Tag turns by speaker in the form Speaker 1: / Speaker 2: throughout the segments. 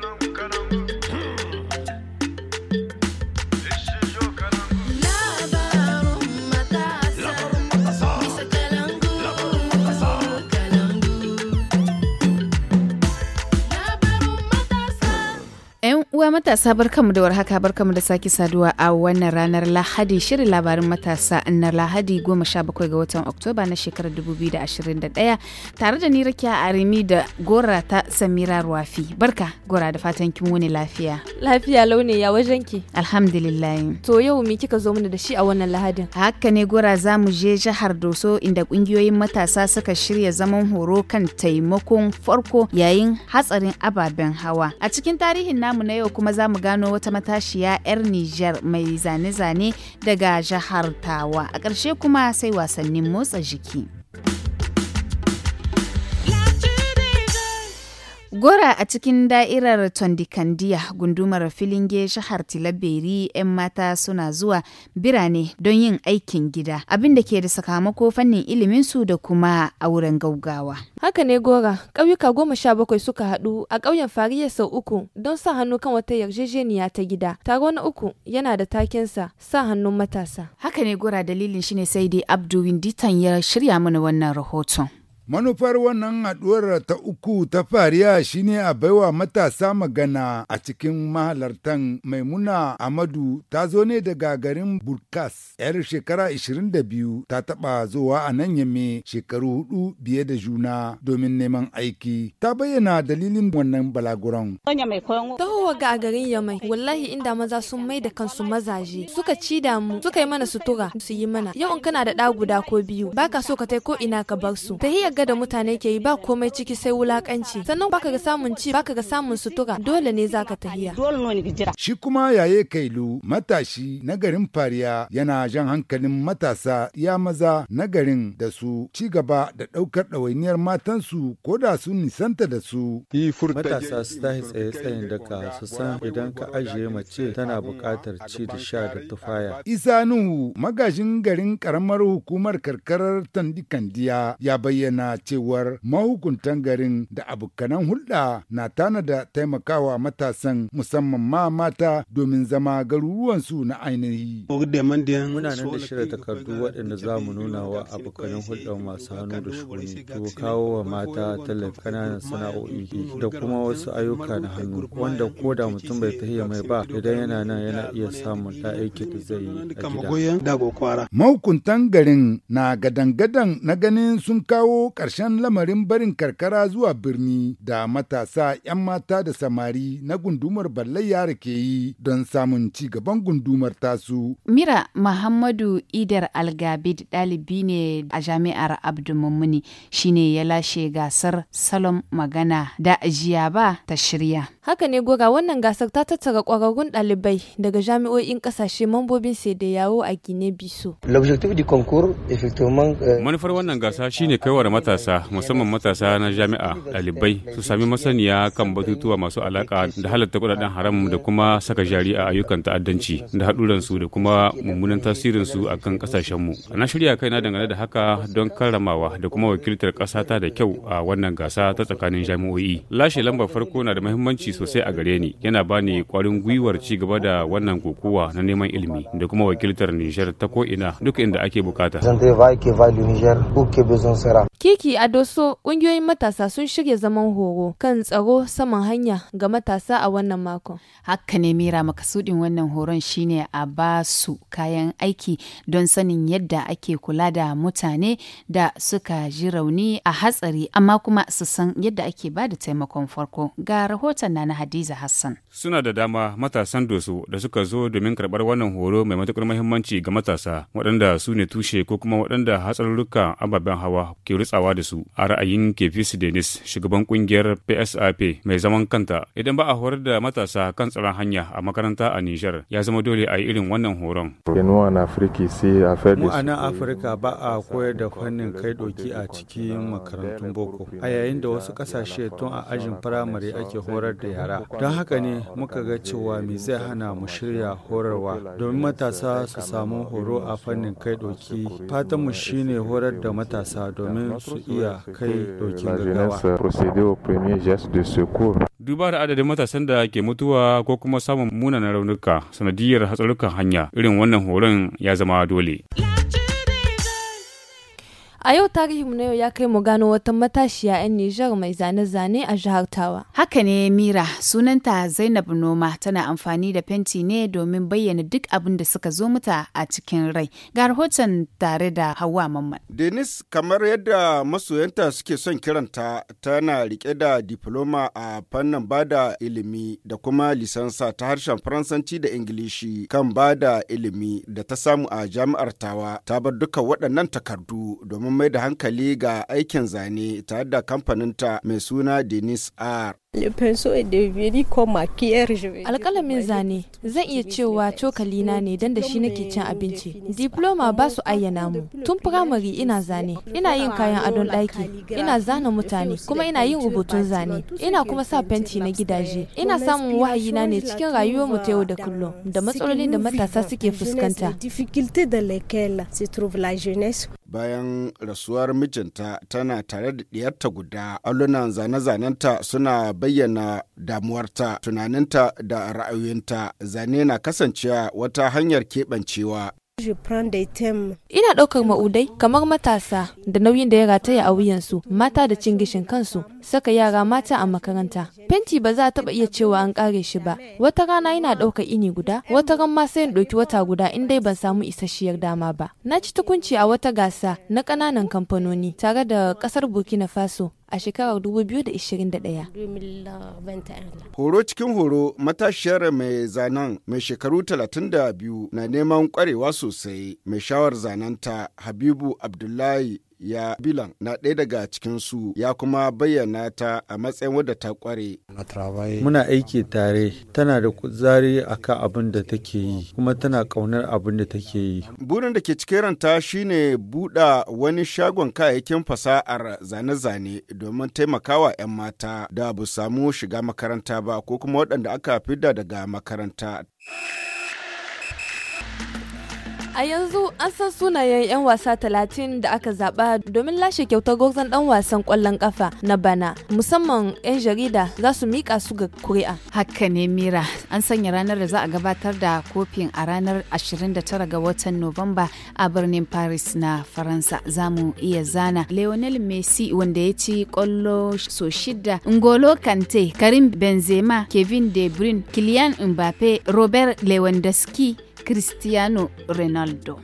Speaker 1: cut on.
Speaker 2: yawwa matasa barkamu da warhaka barkamu da sake saduwa a wannan ranar Lahadi shirin labarin matasa na Lahadi goma 17 ga watan Oktoba na shekarar 2021 tare da ni Rakiya Arimi da Gora ta Samira Ruwafi. Barka Gora da fatan kin wuni lafiya.
Speaker 3: Lafiya launi ya wajen ki.
Speaker 2: Alhamdulillah.
Speaker 3: To yau me kika zo mana da shi a wannan Lahadin? Haka ne
Speaker 2: Gora za mu je jihar Doso inda kungiyoyin matasa suka shirya zaman horo kan taimakon farko yayin hatsarin ababen hawa. A cikin tarihin namu na yau kuma za mu gano wata matashiya 'yar Nijar mai zane-zane daga jihar Tawa. A ƙarshe kuma sai wasannin motsa jiki. Gora a cikin da'irar Tondikandiya gundumar filin shahar Tilaberi 'yan mata suna zuwa birane don yin aikin gida abinda ke da sakamako fannin su da kuma a wurin gaugawa.
Speaker 3: Haka ne Gora, ƙauyuka goma sha bakwai suka haɗu a ƙauyen Fariya sau uku don sa hannu kan wata yarjejeniya ta gida. Taro na uku yana da takensa sa hannun matasa. Haka ne Gora dalilin shine sai dai Abdu
Speaker 2: Winditan ya shirya mana wannan rahoton. Manufar wannan haɗuwar
Speaker 4: ta uku ta fariya shine a baiwa matasa magana a cikin mahalartan Maimuna Amadu ta zo ne daga garin Burkas, 'yar shekara 22 ta taɓa zuwa a nan yame shekaru hudu biye da juna domin neman aiki. Ta bayyana dalilin wannan balaguron.
Speaker 3: Tahowa ga garin Yamai, wallahi inda maza sun mai da kansu mazaje, suka ci da mu, suka yi mana sutura, su yi mana. Yau in kana da ɗa guda ko biyu, baka so ka tai ko ina ka bar su. Tahiyar ga da mutane ke yi ba komai ciki sai wulakanci sannan baka ga samun ci baka ga samun sutura dole ne zaka tahiya
Speaker 4: shi kuma yaye kailu matashi na garin fariya yana jan hankalin matasa ya maza na garin da su ci gaba da ɗaukar ɗawainiyar matansu ko da su nisanta da su
Speaker 5: matasa su yi tsaye tsayin daga su san idan ka ajiye mace tana buƙatar ci da sha da tufaya
Speaker 4: isa nuhu magajin garin karamar hukumar karkarar tandikandiya ya bayyana bayyana cewar mahukuntan garin da abokanan hulɗa na tana da taimakawa matasan musamman ma mata domin zama garuruwansu na ainihi.
Speaker 5: Muna nan da shirya takardu waɗanda za mu nuna wa abokanan hulɗar masu hannu da shugabanni ko kawo wa mata tallafi ƙananan sana'o'i da kuma wasu ayyuka na hannu wanda ko da mutum bai tahiya mai ba idan yana nan yana iya samun da aiki da zai yi
Speaker 4: a gida. Mahukuntan garin na gadan-gadan na ganin sun kawo ƙarshen lamarin barin karkara zuwa birni da matasa 'yan mata da samari na gundumar ballayya yara ke yi don samun ci gaban gundumar tasu.
Speaker 2: Mira Muhammadu Idar Algabid ɗalibi ne a jami'ar Abdulmumuni shine ya lashe gasar salon magana da ajiya ba ta shirya.
Speaker 3: Haka ne goga wannan gasar ta tattara kwararrun dalibai daga jami'o'in kasashe mambobin yawo a Gine Biso. Euh,
Speaker 1: Manufar wannan gasa shine kaiwa da matasa musamman matasa na jami'a dalibai su sami masaniya kan batutuwa masu alaka da halatta kudaden haram da kuma saka jari a ayyukan ta'addanci da haduran su da kuma mummunan su akan kan mu Na shirya kaina dangane da haka don karramawa da kuma wakiltar ta da kyau a wannan gasa ta tsakanin jami'o'i. Lashe lambar farko na da muhimmanci sosai a gare ni yana bani kwarin gwiwar ci gaba da wannan kokowa na neman ilimi da kuma wakiltar Nijar ta ko'ina duk inda ake bukata.
Speaker 3: Kiki a Doso ƙungiyoyin matasa sun shirya zaman horo kan tsaro saman hanya ga matasa a wannan makon. Haka ne Mira
Speaker 2: makasudin wannan horon shine a ba su kayan aiki don sanin yadda ake kula da mutane da suka ji rauni a hatsari amma kuma su san yadda ake ba da taimakon farko ga rahoton na Hadiza Hassan.
Speaker 1: Suna da dama matasan doso da suka zo domin karɓar wannan horo mai matuƙar muhimmanci ga matasa waɗanda su ne tushe ko kuma waɗanda hatsarurrukan ababen hawa ke rutsawa da su. A ra'ayin Kefis Denis, shugaban ƙungiyar PSAP mai zaman kanta, idan ba a horar da matasa kan tsaron hanya a makaranta a Nijar, ya zama dole a yi irin wannan horon. Mu a nan
Speaker 5: Afirka ba a koyar da fannin kai doki a cikin makarantun boko. A yayin da wasu ƙasashe tun a ajin firamare ake horar da yara don haka ne muka ga cewa me zai hana mu shirya horarwa domin matasa su samu horo a fannin kai doki fatanmu shine horar da matasa domin su iya kai dokin gaggawa
Speaker 1: duba da adadin matasan da ke mutuwa ko kuma samun munanan raunuka sanadiyar hatsarukan hanya irin wannan horon ya zama dole.
Speaker 3: A yau tarihinmu na yau ya kai mu gano wata matashiya 'yan Nijar mai zane-zane a jihar Tawa. Haka ne Mira, sunanta Zainab Noma tana amfani
Speaker 2: da fenti ne domin bayyana duk abin da suka zo mata a cikin rai. Ga rahoton tare da hawa Mamman.
Speaker 6: Denis kamar yadda masoyanta suke son kiranta tana rike da diploma a fannin bada ilimi da kuma lisansa ta harshen Faransanci da Ingilishi kan bada ilimi da ta samu a jami'ar Tawa ta bar duka waɗannan takardu domin mai da hankali ga aikin zane tare da kamfaninta mai suna Denis R.
Speaker 3: Alƙalamin zane zan iya cewa cokalina ne don da shi nake cin abinci. Diploma ba su ayyana mu. Tun firamare ina zane, ina yin kayan adon ɗaki, ina zana mutane, kuma ina yin rubutun zane, ina kuma sa fenti na gidaje. Ina samun wahayina ne cikin rayuwar mu ta yau da kullum da matsalolin da matasa suke fuskanta.
Speaker 6: Bayan rasuwar mijinta tana tare da ɗiyarta guda, alunan zane-zanenta suna bayyana damuwarta tunaninta da ra'ayoyinta zane na kasancewa wata hanyar keɓancewa
Speaker 3: Ina ɗaukar ma'udai kamar matasa da nauyin da ya rataya a wuyansu, mata da cin gishin kansu, saka yara mata a makaranta. Fenti ba za a taɓa iya cewa an kare shi ba. Wata rana ina ɗaukar ini guda, wata ran ma sai in ɗauki wata guda in dai ban samu isasshiyar dama ba. Na ci tukunci a wata gasa na ƙananan kamfanoni tare da ƙasar Burkina Faso a shekarar 2021.
Speaker 6: Horo cikin horo matashiyar mai zanen mai shekaru 32 na neman kwarewa sosai mai shawar zanenta Habibu Abdullahi ya bilan na ɗaya daga cikin su ya kuma bayyana ta a matsayin wadda ta kware. Muna
Speaker 5: aiki tare tana da kuzari kan abin da take yi kuma tana ƙaunar abin da take yi.
Speaker 6: Burin da ke cikin ranta shine buɗa wani shagon kayayyakin fasa'ar zane-zane domin taimakawa 'yan mata da bu samu shiga makaranta ba ko kuma waɗanda aka fidda daga makaranta.
Speaker 3: A yanzu an san sunayen 'yan wasa talatin da aka zaba domin lashe kyautar gwarzon dan wasan kwallon kafa na bana musamman 'yan jarida za su mika su ga kuri'a. Haka ne Mira an sanya ranar da za
Speaker 2: a gabatar da kofin a ranar 29 ga watan Nuwamba a birnin Paris na Faransa za mu iya zana Lionel Messi wanda ya ci kwallo so shida Ngolo Kante Karim Benzema Kevin De Bruyne Kylian Mbappe Robert Lewandowski cristiano ronaldo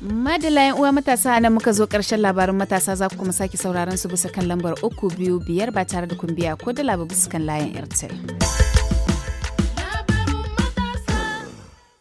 Speaker 2: madalayan uwa matasa nan muka zo karshen labarin matasa za ku kuma sake sauraron su bisa kan lambar uku biyu biyar ba tare da kun biya ko da labar bisa kan layin airtel